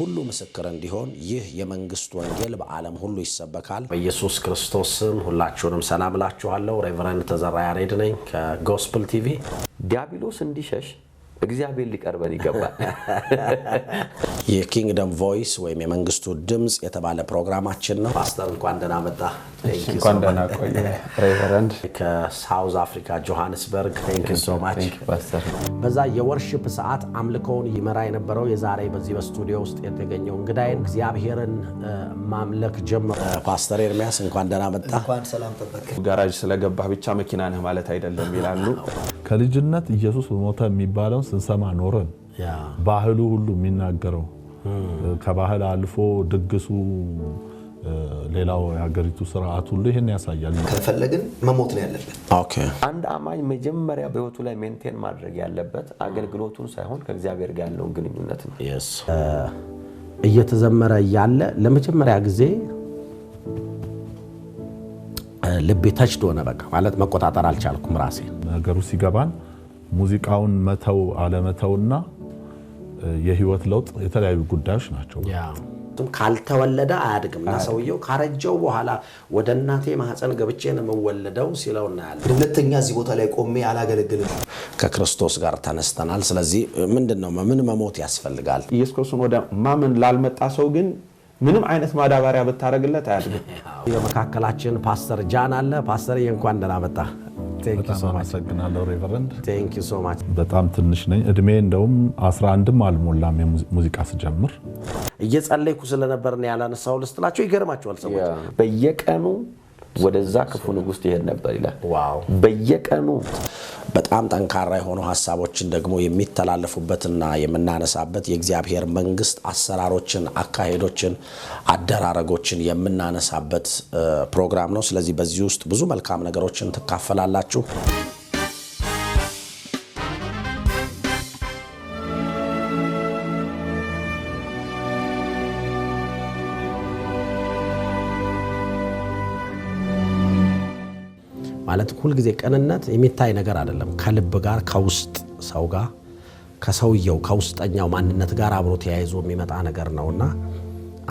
ሁሉ ምስክር እንዲሆን ይህ የመንግስት ወንጌል በዓለም ሁሉ ይሰበካል። በኢየሱስ ክርስቶስ ስም ሁላችሁንም ሰላም እላችኋለሁ። ሬቨረንድ ተዘራ ያሬድ ነኝ ከጎስፕል ቲቪ። ዲያብሎስ እንዲሸሽ እግዚአብሔር ሊቀርበን ይገባል። የኪንግደም ቮይስ ወይም የመንግስቱ ድምፅ የተባለ ፕሮግራማችን ነው። ፓስተር እንኳን ደህና መጣ። እንኳን ደህና ቆየ ሬቨረንድ ከሳውዝ አፍሪካ ጆሃንስበርግ። ቴንክ ሶ ማች። በዛ የወርሽፕ ሰዓት አምልኮውን ይመራ የነበረው የዛሬ በዚህ በስቱዲዮ ውስጥ የተገኘው እንግዳይን እግዚአብሔርን ማምለክ ጀምሮ ፓስተር ኤርሚያስ እንኳን ደህና መጣ። እንኳን ሰላም ጠበቅ። ጋራጅ ስለገባህ ብቻ መኪና ነህ ማለት አይደለም ይላሉ። ከልጅነት ኢየሱስ ሞተ የሚባለው ስንሰማ ኖረን ባህሉ ሁሉ የሚናገረው ከባህል አልፎ ድግሱ፣ ሌላው የሀገሪቱ ስርዓት ሁሉ ይህን ያሳያል። ከፈለግን መሞት ነው ያለበት። አንድ አማኝ መጀመሪያ በህይወቱ ላይ ሜንቴን ማድረግ ያለበት አገልግሎቱን ሳይሆን ከእግዚአብሔር ጋር ያለውን ግንኙነት ነው። እየተዘመረ እያለ ለመጀመሪያ ጊዜ ልቤ ተችዶ ሆነ። በቃ ማለት መቆጣጠር አልቻልኩም ራሴ ነገሩ ሲገባን ሙዚቃውን መተው አለመተውና የህይወት ለውጥ የተለያዩ ጉዳዮች ናቸው። ካልተወለደ አያድግም እና ሰውየው ካረጀው በኋላ ወደ እናቴ ማህፀን ገብቼ ነው የምወለደው ሲለው እናያለን። ሁለተኛ እዚህ ቦታ ላይ ቆሜ አላገለግል ከክርስቶስ ጋር ተነስተናል። ስለዚህ ምንድን ነው ምን መሞት ያስፈልጋል? ኢየሱስ ክርስቶስን ወደ ማመን ላልመጣ ሰው ግን ምንም አይነት ማዳበሪያ ብታደረግለት አያድግም። በመካከላችን ፓስተር ጃን አለ። ፓስተር እንኳን ደህና በጣም አመሰግናለሁ ሬቨረንድ። በጣም ትንሽ ነኝ እድሜ እንደውም 11ም አልሞላም ሙዚቃ ስጀምር። እየጸለይኩ ስለነበር ያላነሳው ናቸው ይገርማቸዋል ሰዎች በየቀኑ ወደዛ ክፉ ንጉስ ትሄድ ነበር ይላል። በየቀኑ በጣም ጠንካራ የሆኑ ሀሳቦችን ደግሞ የሚተላለፉበትና የምናነሳበት የእግዚአብሔር መንግስት አሰራሮችን፣ አካሄዶችን፣ አደራረጎችን የምናነሳበት ፕሮግራም ነው። ስለዚህ በዚህ ውስጥ ብዙ መልካም ነገሮችን ትካፈላላችሁ። ማለት ሁልጊዜ ቅንነት የሚታይ ነገር አይደለም። ከልብ ጋር ከውስጥ ሰው ጋር ከሰውየው ከውስጠኛው ማንነት ጋር አብሮ ተያይዞ የሚመጣ ነገር ነውና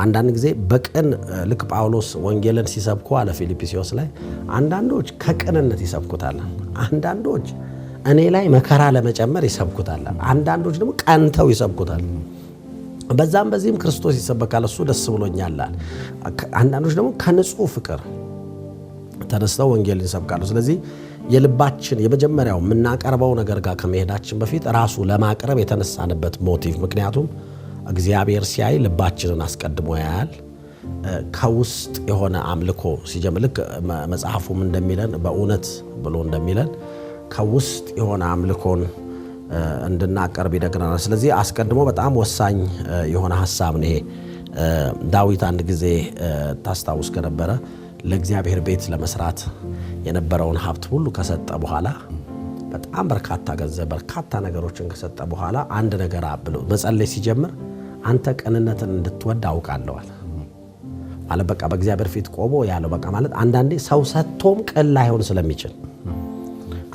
አንዳንድ ጊዜ በቅን ልክ ጳውሎስ ወንጌልን ሲሰብኩ አለ ፊልጵስዩስ ላይ አንዳንዶች ከቅንነት ይሰብኩታል፣ አንዳንዶች እኔ ላይ መከራ ለመጨመር ይሰብኩታል፣ አንዳንዶች ደግሞ ቀንተው ይሰብኩታል። በዛም በዚህም ክርስቶስ ይሰበካል፣ እሱ ደስ ብሎኛል። አንዳንዶች ደግሞ ከንጹህ ፍቅር ተነስተው ወንጌል ይሰብካሉ። ስለዚህ የልባችን የመጀመሪያው የምናቀርበው ነገር ጋር ከመሄዳችን በፊት ራሱ ለማቅረብ የተነሳንበት ሞቲቭ፣ ምክንያቱም እግዚአብሔር ሲያይ ልባችንን አስቀድሞ ያያል። ከውስጥ የሆነ አምልኮ ሲጀምር ልክ መጽሐፉም እንደሚለን በእውነት ብሎ እንደሚለን ከውስጥ የሆነ አምልኮን እንድናቀርብ ይደግናል። ስለዚህ አስቀድሞ በጣም ወሳኝ የሆነ ሀሳብ ነው ይሄ። ዳዊት አንድ ጊዜ ታስታውስ ከነበረ ለእግዚአብሔር ቤት ለመስራት የነበረውን ሀብት ሁሉ ከሰጠ በኋላ በጣም በርካታ ገንዘብ በርካታ ነገሮችን ከሰጠ በኋላ አንድ ነገር ብሎ መጸለይ ሲጀምር አንተ ቅንነትን እንድትወድ አውቃለዋል ማለ በቃ በእግዚአብሔር ፊት ቆሞ ያለው በቃ ማለት አንዳንዴ ሰው ሰጥቶም ቅን ላይሆን ስለሚችል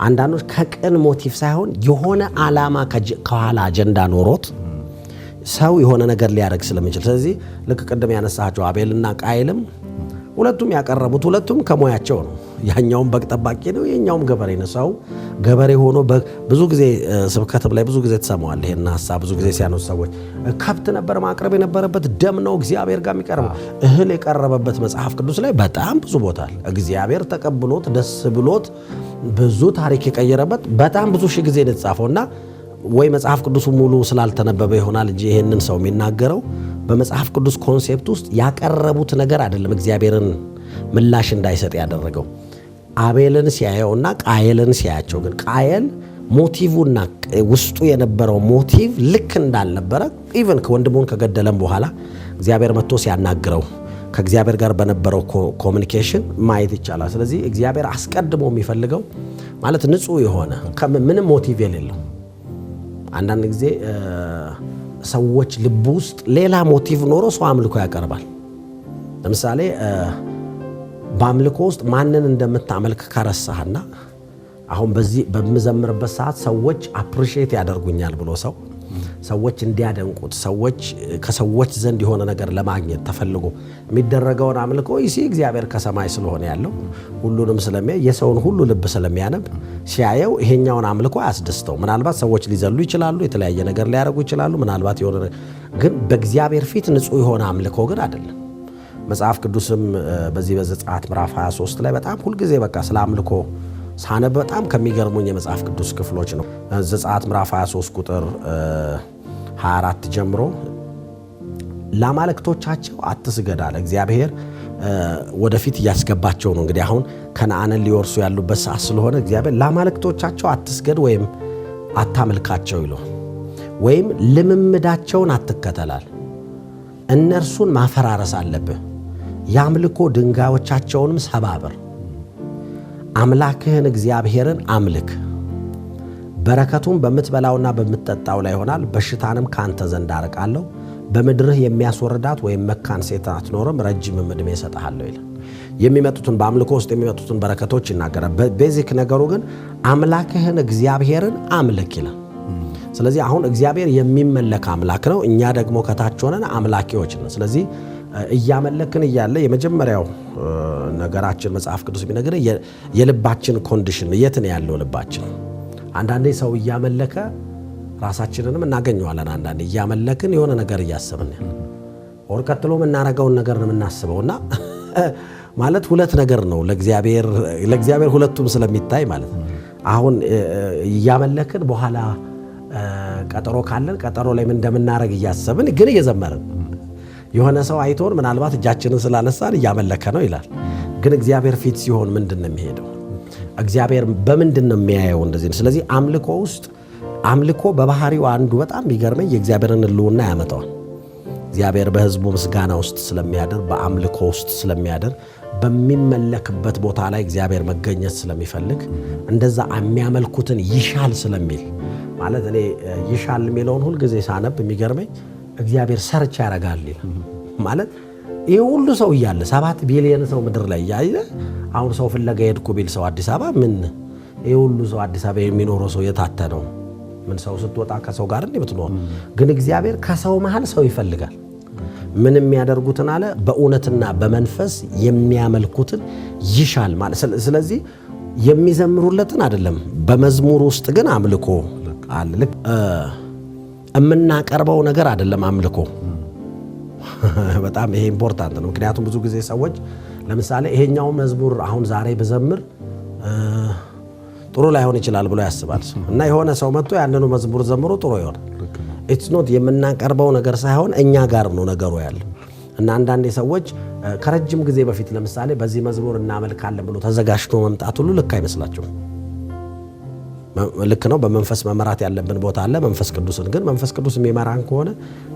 አንዳንዶች ከቅን ሞቲቭ ሳይሆን የሆነ አላማ ከኋላ አጀንዳ ኖሮት ሰው የሆነ ነገር ሊያደርግ ስለሚችል ስለዚህ ልክ ቅድም ያነሳቸው አቤልና ቃይልም ሁለቱም ያቀረቡት ሁለቱም ከሙያቸው ነው። ያኛውም በግ ጠባቂ ነው፣ የኛውም ገበሬ ነው። ሰው ገበሬ ሆኖ ብዙ ጊዜ ስብከትም ላይ ብዙ ጊዜ ትሰማዋል ይሄን ሀሳብ ብዙ ጊዜ ሲያነሱ ሰዎች ከብት ነበር ማቅረብ የነበረበት ደም ነው እግዚአብሔር ጋር የሚቀርበው እህል የቀረበበት መጽሐፍ ቅዱስ ላይ በጣም ብዙ ቦታ እግዚአብሔር ተቀብሎት ደስ ብሎት ብዙ ታሪክ የቀየረበት በጣም ብዙ ሺህ ጊዜ እና ወይ መጽሐፍ ቅዱሱ ሙሉ ስላልተነበበ ይሆናል እንጂ ይህንን ሰው የሚናገረው በመጽሐፍ ቅዱስ ኮንሴፕት ውስጥ ያቀረቡት ነገር አይደለም እግዚአብሔርን ምላሽ እንዳይሰጥ ያደረገው። አቤልን ሲያየውና ቃየልን ሲያያቸው ግን ቃየል ሞቲቭና ውስጡ የነበረው ሞቲቭ ልክ እንዳልነበረ ኢቨን ወንድሙን ከገደለም በኋላ እግዚአብሔር መጥቶ ሲያናግረው ከእግዚአብሔር ጋር በነበረው ኮሚኒኬሽን ማየት ይቻላል። ስለዚህ እግዚአብሔር አስቀድሞ የሚፈልገው ማለት ንጹህ የሆነ ምንም ሞቲቭ የሌለው አንዳንድ ጊዜ ሰዎች ልብ ውስጥ ሌላ ሞቲቭ ኖሮ ሰው አምልኮ ያቀርባል። ለምሳሌ በአምልኮ ውስጥ ማንን እንደምታመልክ ከረሳህና አሁን በዚህ በምዘምርበት ሰዓት ሰዎች አፕሪሺየት ያደርጉኛል ብሎ ሰው ሰዎች እንዲያደንቁት ሰዎች ከሰዎች ዘንድ የሆነ ነገር ለማግኘት ተፈልጎ የሚደረገውን አምልኮ ይሲ እግዚአብሔር ከሰማይ ስለሆነ ያለው ሁሉንም ስለሚያ የሰውን ሁሉ ልብ ስለሚያነብ ሲያየው ይሄኛውን አምልኮ አያስደስተው። ምናልባት ሰዎች ሊዘሉ ይችላሉ፣ የተለያየ ነገር ሊያደርጉ ይችላሉ። ምናልባት የሆነ ግን በእግዚአብሔር ፊት ንጹህ የሆነ አምልኮ ግን አይደለም። መጽሐፍ ቅዱስም በዚህ በዘጸአት ምራፍ 23 ላይ በጣም ሁልጊዜ በቃ ስለ አምልኮ ሳነ በጣም ከሚገርሙኝ የመጽሐፍ ቅዱስ ክፍሎች ነው። ዘጸአት ምዕራፍ 23 ቁጥር 24 ጀምሮ ለአማልክቶቻቸው አትስገድ አለ እግዚአብሔር። ወደፊት እያስገባቸው ነው እንግዲህ አሁን ከነአንን ሊወርሱ ያሉበት ሰዓት ስለሆነ እግዚአብሔር ለአማልክቶቻቸው አትስገድ ወይም አታምልካቸው ይለ ወይም ልምምዳቸውን አትከተላል። እነርሱን ማፈራረስ አለብህ። የአምልኮ ድንጋዮቻቸውንም ሰባብር አምላክህን እግዚአብሔርን አምልክ፣ በረከቱም በምትበላውና በምትጠጣው ላይ ይሆናል። በሽታንም ከአንተ ዘንድ አርቃለሁ። በምድርህ የሚያስወርዳት ወይም መካን ሴት አትኖርም፣ ረጅምም ዕድሜ እሰጥሃለሁ ይላል። የሚመጡትን በአምልኮ ውስጥ የሚመጡትን በረከቶች ይናገራል። ቤዚክ ነገሩ ግን አምላክህን እግዚአብሔርን አምልክ ይላል። ስለዚህ አሁን እግዚአብሔር የሚመለክ አምላክ ነው። እኛ ደግሞ ከታች ሆነን አምላኪዎች ነን። ስለዚህ እያመለክን እያለ የመጀመሪያው ነገራችን መጽሐፍ ቅዱስ ቢነግር የልባችን ኮንዲሽን የት ነው ያለው ልባችን። አንዳንዴ ሰው እያመለከ ራሳችንንም እናገኘዋለን። አንዳንዴ እያመለክን የሆነ ነገር እያሰብን ወር ቀጥሎ የምናረገውን ነገር ነው የምናስበው እና ማለት ሁለት ነገር ነው ለእግዚአብሔር ሁለቱም ስለሚታይ ማለት አሁን እያመለክን በኋላ ቀጠሮ ካለን ቀጠሮ ላይ ምን እንደምናደርግ እያሰብን ግን እየዘመርን የሆነ ሰው አይቶን ምናልባት እጃችንን ስላነሳን እያመለከ ነው ይላል። ግን እግዚአብሔር ፊት ሲሆን ምንድን ነው የሚሄደው? እግዚአብሔር በምንድን ነው የሚያየው? እንደዚህ ነው። ስለዚህ አምልኮ ውስጥ አምልኮ በባህሪው አንዱ በጣም የሚገርመኝ የእግዚአብሔርን ልውና ያመጣዋል። እግዚአብሔር በሕዝቡ ምስጋና ውስጥ ስለሚያድር፣ በአምልኮ ውስጥ ስለሚያድር፣ በሚመለክበት ቦታ ላይ እግዚአብሔር መገኘት ስለሚፈልግ እንደዛ የሚያመልኩትን ይሻል ስለሚል ማለት እኔ ይሻል የሚለውን ሁልጊዜ ሳነብ የሚገርመኝ እግዚአብሔር ሰርች ያደርጋል ይላል ማለት ይህ ሁሉ ሰው እያለ ሰባት ቢሊየን ሰው ምድር ላይ እያየ አሁን ሰው ፍለጋ የሄድኩ ቢል ሰው አዲስ አበባ ምን ይህ ሁሉ ሰው አዲስ አበባ የሚኖረው ሰው የታተ ነው? ምን ሰው ስትወጣ ከሰው ጋር እንደ ብትኖር ግን እግዚአብሔር ከሰው መሀል ሰው ይፈልጋል። ምን የሚያደርጉትን አለ በእውነትና በመንፈስ የሚያመልኩትን ይሻል ማለት ስለዚህ የሚዘምሩለትን አይደለም በመዝሙር ውስጥ ግን አምልኮ አለ የምናቀርበው ነገር አይደለም አምልኮ። በጣም ይሄ ኢምፖርታንት ነው። ምክንያቱም ብዙ ጊዜ ሰዎች ለምሳሌ ይሄኛው መዝሙር አሁን ዛሬ ብዘምር ጥሩ ላይሆን ይችላል ብሎ ያስባል እና የሆነ ሰው መጥቶ ያንኑ መዝሙር ዘምሮ ጥሩ ይሆናል። ኢትስ ኖት የምናቀርበው ነገር ሳይሆን እኛ ጋር ነው ነገሩ ያለ እና አንዳንዴ ሰዎች ከረጅም ጊዜ በፊት ለምሳሌ በዚህ መዝሙር እናመልካለን ብሎ ተዘጋጅቶ መምጣት ሁሉ ልክ አይመስላቸውም። ልክ ነው። በመንፈስ መመራት ያለብን ቦታ አለ። መንፈስ ቅዱስን ግን መንፈስ ቅዱስ የሚመራን ከሆነ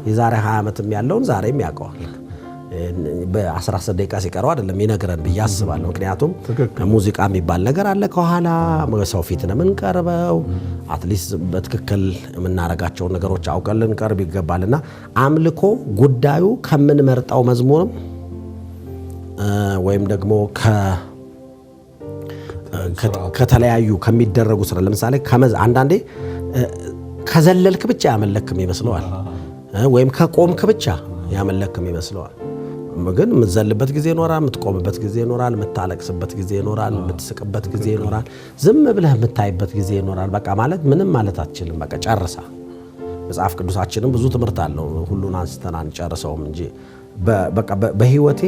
የዛሬ 20 ዓመትም ያለውን ዛሬም ያውቀዋል። በ16 ደቂቃ ሲቀረው አይደለም ይነግረን ብዬ አስባለሁ። ምክንያቱም ሙዚቃ የሚባል ነገር አለ ከኋላ ሰው ፊት ነው የምንቀርበው። አትሊስት በትክክል የምናረጋቸውን ነገሮች አውቀን ልንቀርብ ይገባልና አምልኮ ጉዳዩ ከምንመርጠው መዝሙርም ወይም ደግሞ ከተለያዩ ከሚደረጉ ስራ ለምሳሌ ከመዝ አንዳንዴ ከዘለልክ ብቻ ያመለክም ይመስለዋል፣ ወይም ከቆምክ ብቻ ያመለክም ይመስለዋል። ግን የምትዘልበት ጊዜ ይኖራል፣ የምትቆምበት ጊዜ ይኖራል፣ የምታለቅስበት ጊዜ ይኖራል፣ የምትስቅበት ጊዜ ይኖራል፣ ዝም ብለህ የምታይበት ጊዜ ይኖራል። በቃ ማለት ምንም ማለት አትችልም። በቃ ጨርሳ መጽሐፍ ቅዱሳችንም ብዙ ትምህርት አለው። ሁሉን አንስተን አንጨርሰውም እንጂ በቃ በህይወቴ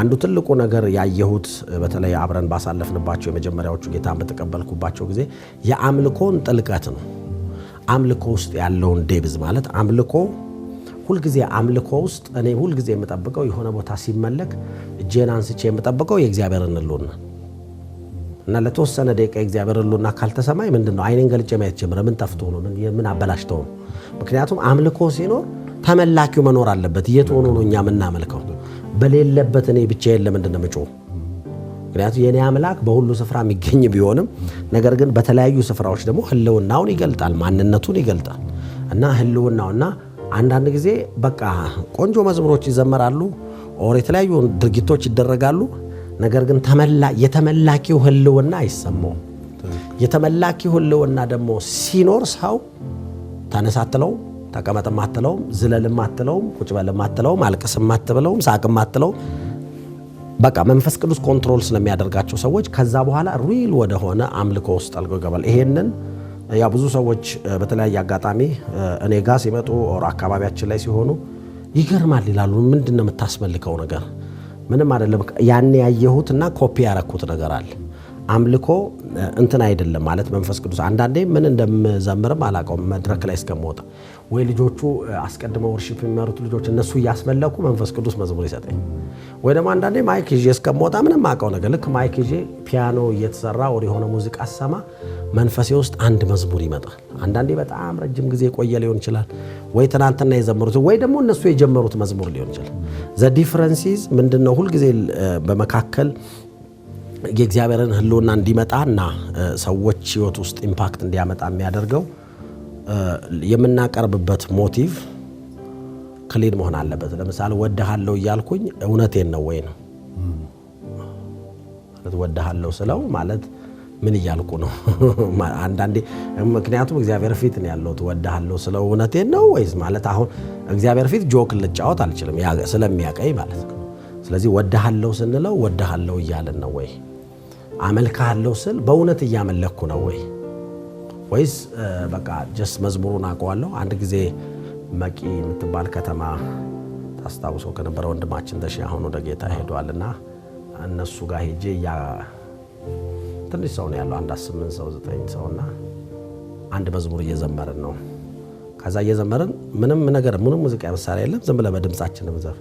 አንዱ ትልቁ ነገር ያየሁት በተለይ አብረን ባሳለፍንባቸው የመጀመሪያዎቹ ጌታን በተቀበልኩባቸው ጊዜ የአምልኮን ጥልቀት ነው። አምልኮ ውስጥ ያለውን ዴብዝ ማለት አምልኮ ሁልጊዜ አምልኮ ውስጥ እኔ ሁልጊዜ የምጠብቀው የሆነ ቦታ ሲመለክ እጄን አንስቼ የምጠብቀው የእግዚአብሔር እንሉና እና ለተወሰነ ደቂቃ የእግዚአብሔር ሕልውና ካልተሰማኝ ምንድን ነው አይኔን ገልጬ ማየት ጀምረ። ምን ጠፍቶ ነው? ምን አበላሽተው ነው? ምክንያቱም አምልኮ ሲኖር ተመላኪው መኖር አለበት። የት ሆኖ ነው እኛ የምናመልከው? በሌለበት እኔ ብቻዬን ለምንድን ነው የምጮህ? ምክንያቱም የእኔ አምላክ በሁሉ ስፍራ የሚገኝ ቢሆንም ነገር ግን በተለያዩ ስፍራዎች ደግሞ ህልውናውን ይገልጣል፣ ማንነቱን ይገልጣል እና ህልውናው እና አንዳንድ ጊዜ በቃ ቆንጆ መዝሙሮች ይዘመራሉ ኦር የተለያዩ ድርጊቶች ይደረጋሉ። ነገር ግን የተመላኪው ህልውና አይሰማውም። የተመላኪው ህልውና ደግሞ ሲኖር ሰው ተነሳትለው ተቀመጥ ማትለውም ዝለልም አትለውም፣ ቁጭ በልም አትለውም፣ አልቅስም አትብለውም፣ ሳቅ አትለውም። በቃ መንፈስ ቅዱስ ኮንትሮል ስለሚያደርጋቸው ሰዎች ከዛ በኋላ ሪል ወደሆነ አምልኮ ውስጥ ጠልቆ ይገባል። ይሄንን ያ ብዙ ሰዎች በተለያየ አጋጣሚ እኔ ጋር ሲመጡ ኦር አካባቢያችን ላይ ሲሆኑ ይገርማል ይላሉ። ምንድን ነው የምታስመልከው ነገር? ምንም አይደለም። ያኔ ያየሁትና ኮፒ ያረኩት ነገር አለ። አምልኮ እንትን አይደለም ማለት መንፈስ ቅዱስ አንዳንዴ ምን እንደምዘምርም አላውቀውም መድረክ ላይ እስከምወጣ ወይ ልጆቹ አስቀድመው ወርሺፕ የሚመሩት ልጆች እነሱ እያስመለኩ መንፈስ ቅዱስ መዝሙር ይሰጠኝ፣ ወይ ደግሞ አንዳንዴ ማይክ ይዤ እስከምወጣ ምንም አውቀው ነገር ልክ ማይክ ይዤ ፒያኖ እየተሰራ ወደ የሆነ ሙዚቃ ሰማ መንፈሴ ውስጥ አንድ መዝሙር ይመጣል። አንዳንዴ በጣም ረጅም ጊዜ የቆየ ሊሆን ይችላል፣ ወይ ትናንትና የዘመሩት ወይ ደግሞ እነሱ የጀመሩት መዝሙር ሊሆን ይችላል። ዘ ዲፍረንሲዝ ምንድን ነው? ሁልጊዜ በመካከል የእግዚአብሔርን ሕልውና እንዲመጣና ሰዎች ሕይወት ውስጥ ኢምፓክት እንዲያመጣ የሚያደርገው የምናቀርብበት ሞቲቭ ክሊን መሆን አለበት። ለምሳሌ ወድሃለሁ እያልኩኝ እውነቴን ነው ወይ ነው ወድሃለሁ ስለው ማለት ምን እያልኩ ነው? አንዳንዴ ምክንያቱም እግዚአብሔር ፊት ነው ያለሁት። ወድሃለሁ ስለው እውነቴን ነው ወይስ ማለት አሁን እግዚአብሔር ፊት ጆክ ልጫወት አልችልም ስለሚያቀኝ ማለት ነው። ስለዚህ ወድሃለሁ ስንለው ወድሃለሁ እያልን ነው ወይ? አመልክሃለሁ ስል በእውነት እያመለኩ ነው ወይ? ወይስ በቃ ጀስ መዝሙሩን አውቀዋለሁ። አንድ ጊዜ መቂ የምትባል ከተማ ታስታውሰው ከነበረ ወንድማችን ተሺ አሁን ወደ ጌታ ሄዷል እና እነሱ ጋር ሄጄ ያ ትንሽ ሰው ነው ያለው አንድ ስምንት ሰው ዘጠኝ ሰው እና አንድ መዝሙር እየዘመርን ነው። ከዛ እየዘመርን ምንም ነገር ምንም ሙዚቃ መሳሪያ የለም ዝም ብለ በድምፃችን ምዘፍ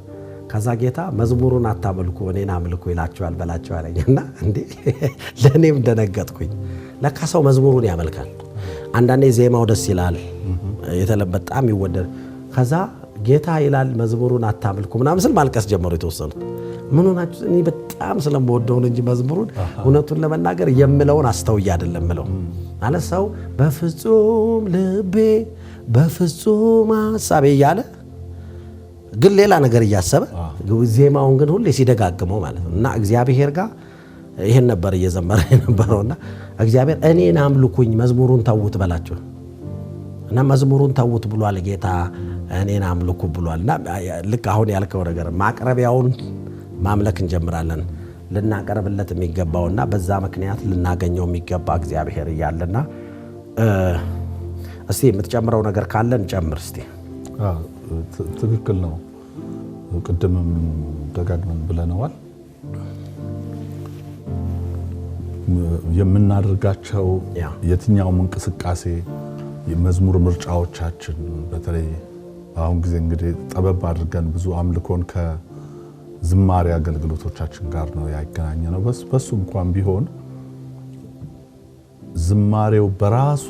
ከዛ ጌታ መዝሙሩን አታመልኩ እኔን አምልኩ ይላቸዋል በላቸው አለኝ እና እንዴ ለእኔም ደነገጥኩኝ። ለካ ሰው መዝሙሩን ያመልካል። አንዳንዴ ዜማው ደስ ይላል፣ የተለበ በጣም ይወደድ። ከዛ ጌታ ይላል መዝሙሩን አታምልኩ ምናምን ስል ማልቀስ ጀመሩ የተወሰኑት። ምን ሆናችሁ? እኔ በጣም ስለምወደውን እንጂ መዝሙሩን እውነቱን ለመናገር የምለውን አስተውዬ አይደለም ምለው አለ። ሰው በፍጹም ልቤ በፍጹም ሀሳቤ እያለ ግን ሌላ ነገር እያሰበ ዜማውን ግን ሁሌ ሲደጋግመው ማለት ነው እና እግዚአብሔር ጋር ይህን ነበር እየዘመረ የነበረውና እግዚአብሔር እኔን አምልኩኝ መዝሙሩን ተዉት በላቸው እና መዝሙሩን ተዉት ብሏል ጌታ እኔን አምልኩ ብሏል። እና ልክ አሁን ያልከው ነገር ማቅረቢያውን ማምለክ እንጀምራለን። ልናቀርብለት የሚገባውና በዛ ምክንያት ልናገኘው የሚገባ እግዚአብሔር እያለና እስቲ የምትጨምረው ነገር ካለን እንጨምር እስቲ። ትክክል ነው። ቅድምም ደጋግመን ብለነዋል። የምናደርጋቸው የትኛውም እንቅስቃሴ የመዝሙር ምርጫዎቻችን በተለይ በአሁን ጊዜ እንግዲህ ጠበብ አድርገን ብዙ አምልኮን ከዝማሬ አገልግሎቶቻችን ጋር ነው ያገናኘ ነው። በሱ እንኳን ቢሆን ዝማሬው በራሱ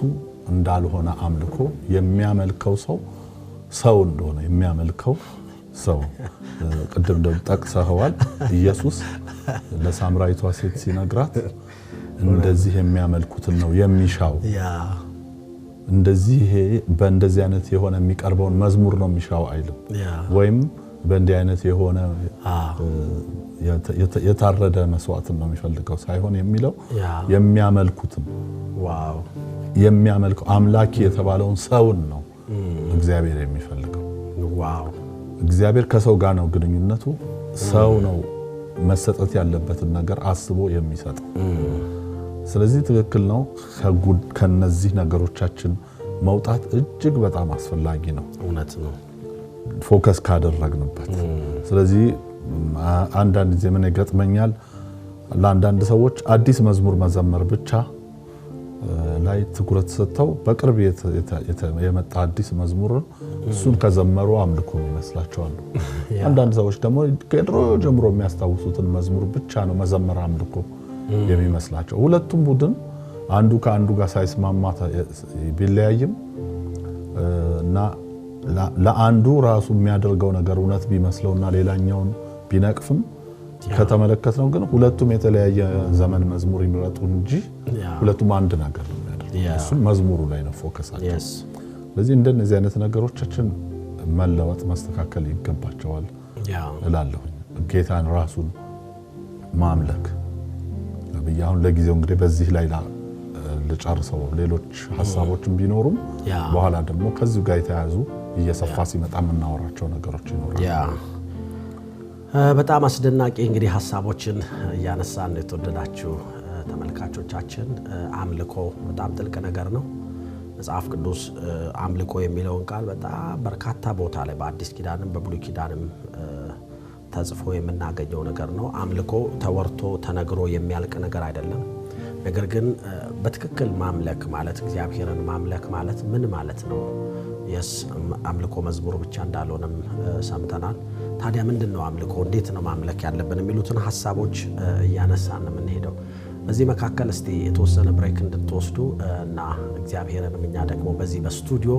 እንዳልሆነ አምልኮ የሚያመልከው ሰው ሰው እንደሆነ የሚያመልከው ሰው ቅድም ደግሞ ጠቅሰኸዋል። ኢየሱስ ለሳምራዊቷ ሴት ሲነግራት እንደዚህ የሚያመልኩትን ነው የሚሻው። እንደዚህ በእንደዚህ አይነት የሆነ የሚቀርበውን መዝሙር ነው የሚሻው አይልም። ወይም በእንዲህ አይነት የሆነ የታረደ መስዋዕትን ነው የሚፈልገው ሳይሆን የሚለው የሚያመልኩትን የሚያመልከው አምላክ የተባለውን ሰውን ነው እግዚአብሔር የሚፈልገው። እግዚአብሔር ከሰው ጋር ነው ግንኙነቱ። ሰው ነው መሰጠት ያለበትን ነገር አስቦ የሚሰጠው። ስለዚህ ትክክል ነው። ከነዚህ ነገሮቻችን መውጣት እጅግ በጣም አስፈላጊ ነው። እውነት ነው፣ ፎከስ ካደረግንበት። ስለዚህ አንዳንድ ጊዜ ምን ይገጥመኛል፣ ለአንዳንድ ሰዎች አዲስ መዝሙር መዘመር ብቻ ላይ ትኩረት ሰጥተው በቅርብ የመጣ አዲስ መዝሙርን እሱን ከዘመሩ አምልኮ ይመስላቸዋል። አንዳንድ ሰዎች ደግሞ ከድሮ ጀምሮ የሚያስታውሱትን መዝሙር ብቻ ነው መዘመር አምልኮ የሚመስላቸው። ሁለቱም ቡድን አንዱ ከአንዱ ጋር ሳይስማማ ቢለያይም እና ለአንዱ ራሱ የሚያደርገው ነገር እውነት ቢመስለውና ሌላኛውን ቢነቅፍም ከተመለከት ነው ግን ሁለቱም የተለያየ ዘመን መዝሙር ይምረጡ እንጂ ሁለቱም አንድ ነገር ነው የሚያደርገው። መዝሙሩ ላይ ነው ፎከሳቸው። ስለዚህ እንደነዚህ አይነት ነገሮቻችን መለወጥ መስተካከል ይገባቸዋል እላለሁኝ። ጌታን ራሱን ማምለክ ብዬ አሁን ለጊዜው እንግዲህ በዚህ ላይ ልጨርሰው። ሌሎች ሀሳቦችን ቢኖሩም በኋላ ደግሞ ከዚሁ ጋር የተያያዙ እየሰፋ ሲመጣ የምናወራቸው ነገሮች ይኖራል። በጣም አስደናቂ እንግዲህ ሀሳቦችን እያነሳን ነው። የተወደዳችሁ ተመልካቾቻችን አምልኮ በጣም ጥልቅ ነገር ነው። መጽሐፍ ቅዱስ አምልኮ የሚለውን ቃል በጣም በርካታ ቦታ ላይ በአዲስ ኪዳንም በብሉይ ኪዳንም ተጽፎ የምናገኘው ነገር ነው። አምልኮ ተወርቶ ተነግሮ የሚያልቅ ነገር አይደለም። ነገር ግን በትክክል ማምለክ ማለት እግዚአብሔርን ማምለክ ማለት ምን ማለት ነው? የስ አምልኮ መዝሙር ብቻ እንዳልሆነም ሰምተናል። ታዲያ ምንድን ነው አምልኮ? እንዴት ነው ማምለክ ያለብን? የሚሉትን ሀሳቦች እያነሳን የምንሄደው በዚህ መካከል እስቲ የተወሰነ ብሬክ እንድትወስዱ እና እግዚአብሔርን እኛ ደግሞ በዚህ በስቱዲዮ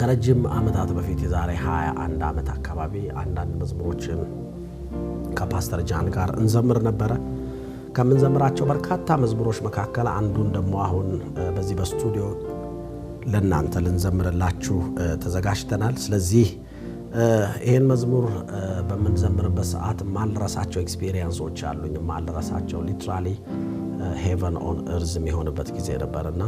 ከረጅም ዓመታት በፊት የዛሬ 21 ዓመት አካባቢ አንዳንድ መዝሙሮችን ከፓስተር ጃን ጋር እንዘምር ነበረ። ከምንዘምራቸው በርካታ መዝሙሮች መካከል አንዱን ደግሞ አሁን በዚህ በስቱዲዮ ለእናንተ ልንዘምርላችሁ ተዘጋጅተናል። ስለዚህ ይህን መዝሙር በምንዘምርበት ሰዓት ማልረሳቸው ኤክስፔሪየንሶች አሉኝ። ማልረሳቸው ሊትራሊ ሄቨን ኦን እርዝ የሚሆንበት ጊዜ ነበርና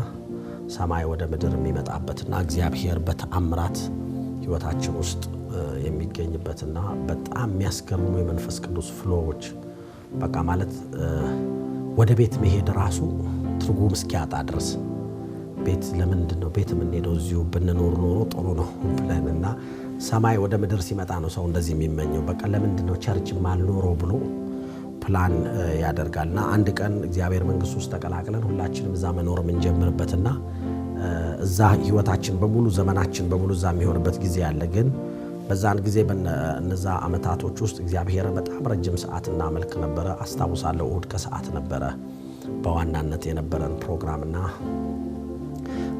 ሰማይ ወደ ምድር የሚመጣበትና እግዚአብሔር በተአምራት ህይወታችን ውስጥ የሚገኝበትና በጣም የሚያስገርሙ የመንፈስ ቅዱስ ፍሎዎች በቃ ማለት ወደ ቤት መሄድ ራሱ ትርጉም እስኪያጣ ድረስ ቤት ለምንድን ነው ቤት የምንሄደው? እዚሁ ብንኖር ኖሮ ጥሩ ነው ብለን እና ሰማይ ወደ ምድር ሲመጣ ነው ሰው እንደዚህ የሚመኘው። በቃ ለምንድን ነው ቸርች ማልኖሮ ብሎ ፕላን ያደርጋል። እና አንድ ቀን እግዚአብሔር መንግስት ውስጥ ተቀላቅለን ሁላችንም እዛ መኖር የምንጀምርበትና እዛ ህይወታችን በሙሉ ዘመናችን በሙሉ እዛ የሚሆንበት ጊዜ ያለ ግን በዛን ጊዜ በነዛ አመታቶች ውስጥ እግዚአብሔር በጣም ረጅም ሰዓት እናመልክ ነበረ። አስታውሳለሁ እሁድ ከሰዓት ነበረ በዋናነት የነበረን ፕሮግራምና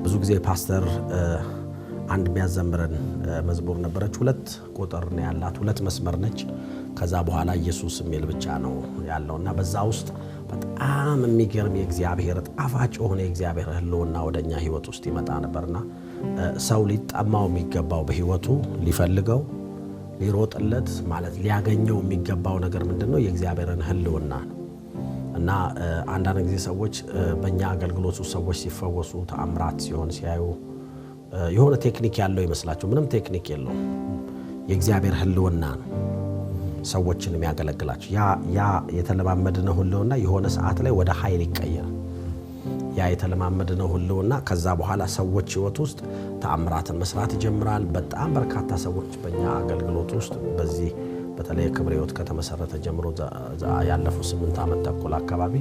ብዙ ጊዜ ፓስተር አንድ የሚያዘምረን መዝሙር ነበረች። ሁለት ቁጥር ነው ያላት፣ ሁለት መስመር ነች። ከዛ በኋላ ኢየሱስ የሚል ብቻ ነው ያለውና በዛ ውስጥ በጣም የሚገርም የእግዚአብሔር ጣፋጭ የሆነ የእግዚአብሔር ህልውና ወደኛ ህይወት ውስጥ ይመጣ ነበርና ሰው ሊጠማው የሚገባው በህይወቱ ሊፈልገው ሊሮጥለት ማለት ሊያገኘው የሚገባው ነገር ምንድን ነው? የእግዚአብሔርን ህልውና ነው። እና አንዳንድ ጊዜ ሰዎች በእኛ አገልግሎት ሰዎች ሲፈወሱ ተአምራት ሲሆን ሲያዩ የሆነ ቴክኒክ ያለው ይመስላቸው። ምንም ቴክኒክ የለውም። የእግዚአብሔር ህልውና ነው። ሰዎችን የሚያገለግላቸው ያ ነው ሁሉና የሆነ ሰዓት ላይ ወደ ኃይል ይቀየራል። ያ የተለማመድነው ሁሉና ከዛ በኋላ ሰዎች ህይወት ውስጥ ተአምራትን መስራት ይጀምራል። በጣም በርካታ ሰዎች በእኛ አገልግሎት ውስጥ በዚህ በተለይ ክብር ህይወት ከተመሰረተ ጀምሮ ያለፉ ስምንት ዓመት ተኩል አካባቢ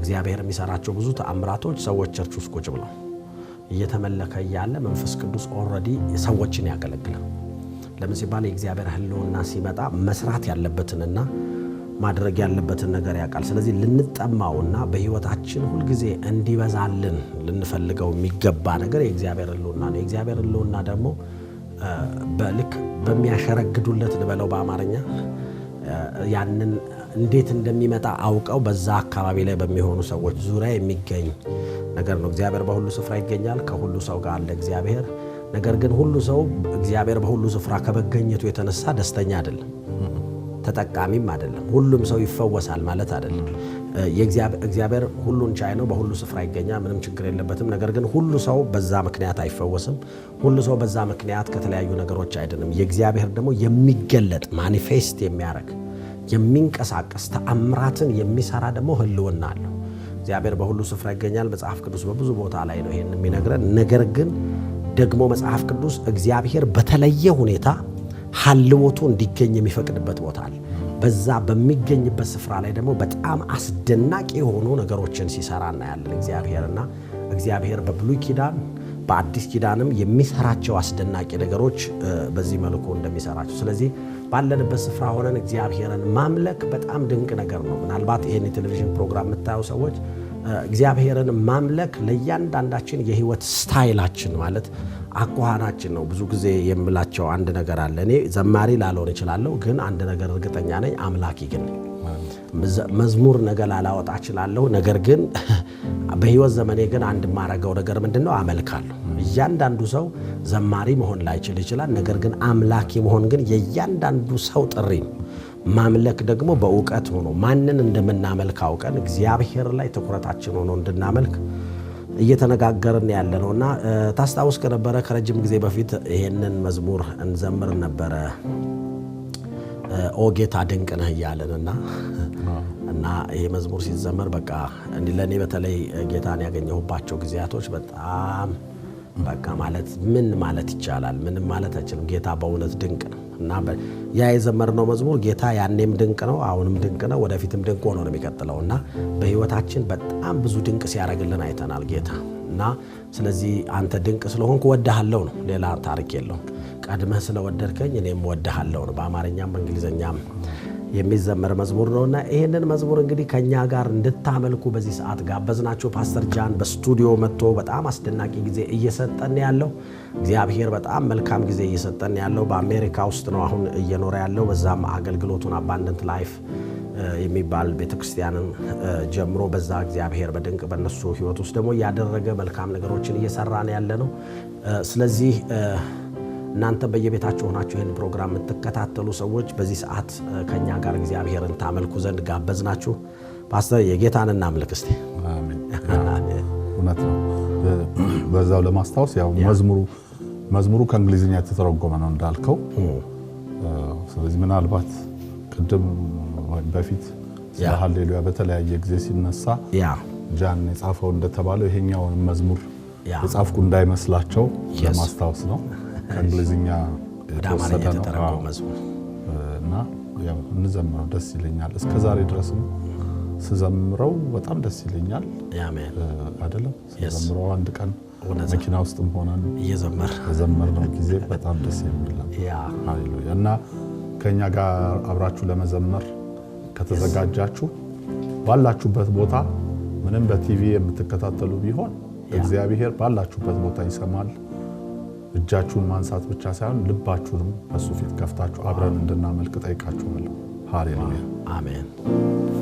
እግዚአብሔር የሚሰራቸው ብዙ ተአምራቶች ሰዎች ቸርች ውስጥ ቁጭ ብለው እየተመለከ እያለ መንፈስ ቅዱስ ኦልሬዲ ሰዎችን ያገለግላል። ለምን ሲባል የእግዚአብሔር ህልውና ሲመጣ መስራት ያለበትንና ማድረግ ያለበትን ነገር ያውቃል። ስለዚህ ልንጠማውና በሕይወታችን ሁልጊዜ እንዲበዛልን ልንፈልገው የሚገባ ነገር የእግዚአብሔር ህልውና ነው። የእግዚአብሔር ህልውና ደግሞ በልክ በሚያሸረግዱለት ልበለው በአማርኛ ያንን እንዴት እንደሚመጣ አውቀው በዛ አካባቢ ላይ በሚሆኑ ሰዎች ዙሪያ የሚገኝ ነገር ነው። እግዚአብሔር በሁሉ ስፍራ ይገኛል። ከሁሉ ሰው ጋር አለ እግዚአብሔር ነገር ግን ሁሉ ሰው እግዚአብሔር በሁሉ ስፍራ ከመገኘቱ የተነሳ ደስተኛ አይደለም፣ ተጠቃሚም አይደለም። ሁሉም ሰው ይፈወሳል ማለት አይደለም። እግዚአብሔር ሁሉን ቻይ ነው፣ በሁሉ ስፍራ ይገኛል፣ ምንም ችግር የለበትም። ነገር ግን ሁሉ ሰው በዛ ምክንያት አይፈወስም። ሁሉ ሰው በዛ ምክንያት ከተለያዩ ነገሮች አይደለም። የእግዚአብሔር ደግሞ የሚገለጥ ማኒፌስት የሚያደርግ የሚንቀሳቀስ ተአምራትን የሚሰራ ደግሞ ህልውና አለው። እግዚአብሔር በሁሉ ስፍራ ይገኛል። መጽሐፍ ቅዱስ በብዙ ቦታ ላይ ነው ይሄን የሚነግረን ነገር ግን ደግሞ መጽሐፍ ቅዱስ እግዚአብሔር በተለየ ሁኔታ ሀልቦቱ እንዲገኝ የሚፈቅድበት ቦታ አለ። በዛ በሚገኝበት ስፍራ ላይ ደግሞ በጣም አስደናቂ የሆኑ ነገሮችን ሲሰራ እናያለን እግዚአብሔርና እግዚአብሔር በብሉይ ኪዳን በአዲስ ኪዳንም የሚሰራቸው አስደናቂ ነገሮች በዚህ መልኩ እንደሚሰራቸው። ስለዚህ ባለንበት ስፍራ ሆነን እግዚአብሔርን ማምለክ በጣም ድንቅ ነገር ነው። ምናልባት ይህን የቴሌቪዥን ፕሮግራም የምታየው ሰዎች እግዚአብሔርን ማምለክ ለእያንዳንዳችን የህይወት ስታይላችን ማለት አኳኋናችን ነው። ብዙ ጊዜ የምላቸው አንድ ነገር አለ። እኔ ዘማሪ ላልሆን እችላለሁ፣ ግን አንድ ነገር እርግጠኛ ነኝ፣ አምላኪ ግን መዝሙር ነገ ላላወጣ እችላለሁ። ነገር ግን በህይወት ዘመኔ ግን አንድ የማረገው ነገር ምንድን ነው? አመልካለሁ። እያንዳንዱ ሰው ዘማሪ መሆን ላይችል ይችላል። ነገር ግን አምላኪ መሆን ግን የእያንዳንዱ ሰው ጥሪ ነው። ማምለክ ደግሞ በእውቀት ሆኖ ማንን እንደምናመልክ አውቀን እግዚአብሔር ላይ ትኩረታችን ሆኖ እንድናመልክ እየተነጋገርን ያለ ነው እና ታስታውስ ከነበረ ከረጅም ጊዜ በፊት ይህንን መዝሙር እንዘምር ነበረ። ኦ ጌታ ድንቅ ነህ እያለን እና እና ይህ መዝሙር ሲዘመር በቃ ለእኔ በተለይ ጌታን ያገኘሁባቸው ጊዜያቶች በጣም በቃ ማለት ምን ማለት ይቻላል? ምንም ማለት አይችልም። ጌታ በእውነት ድንቅ ነው። እና ያ የዘመርነው መዝሙር ጌታ ያኔም ድንቅ ነው፣ አሁንም ድንቅ ነው፣ ወደፊትም ድንቅ ሆኖ ነው የሚቀጥለው እና በህይወታችን በጣም ብዙ ድንቅ ሲያደርግልን አይተናል ጌታ እና ስለዚህ አንተ ድንቅ ስለሆንኩ ወድሃለው ነው። ሌላ ታሪክ የለው ቀድመህ ስለወደድከኝ እኔም ወድሃለው ነው በአማርኛም በእንግሊዝኛም የሚዘመር መዝሙር ነውና ይህንን መዝሙር እንግዲህ ከእኛ ጋር እንድታመልኩ በዚህ ሰዓት ጋበዝናችሁ። ፓስተር ጃን በስቱዲዮ መጥቶ በጣም አስደናቂ ጊዜ እየሰጠን ያለው እግዚአብሔር በጣም መልካም ጊዜ እየሰጠን ያለው በአሜሪካ ውስጥ ነው አሁን እየኖረ ያለው። በዛም አገልግሎቱን አባንደንት ላይፍ የሚባል ቤተክርስቲያንን ጀምሮ በዛ እግዚአብሔር በድንቅ በእነሱ ህይወት ውስጥ ደግሞ እያደረገ መልካም ነገሮችን እየሰራን ያለ ነው። ስለዚህ እናንተ በየቤታችሁ ሆናችሁ ይህን ፕሮግራም የምትከታተሉ ሰዎች በዚህ ሰዓት ከእኛ ጋር እግዚአብሔርን ታመልኩ ዘንድ ጋበዝ ናችሁ ፓስተር የጌታን እናምልክ ስ እውነት ነው። በዛው ለማስታወስ ያው መዝሙሩ መዝሙሩ ከእንግሊዝኛ የተተረጎመ ነው እንዳልከው። ስለዚህ ምናልባት ቅድም በፊት ስለ በተለያየ ጊዜ ሲነሳ ጃን የጻፈው እንደተባለው ይሄኛውን መዝሙር የጻፍኩ እንዳይመስላቸው ለማስታወስ ነው። ከእንግሊዝኛ የተወሰደ ነው እና እንዘምረው ደስ ይለኛል። እስከ ዛሬ ድረስም ስዘምረው በጣም ደስ ይለኛል። አይደለም ስዘምረው አንድ ቀን መኪና ውስጥም ሆነን የዘመርነው ጊዜ በጣም ደስ የሚል እና ከእኛ ጋር አብራችሁ ለመዘመር ከተዘጋጃችሁ ባላችሁበት ቦታ ምንም በቲቪ የምትከታተሉ ቢሆን እግዚአብሔር ባላችሁበት ቦታ ይሰማል። እጃችሁን ማንሳት ብቻ ሳይሆን ልባችሁንም በእሱ ፊት ከፍታችሁ አብረን እንድናመልክ ጠይቃችኋለሁ። ሃሌሉያ አሜን።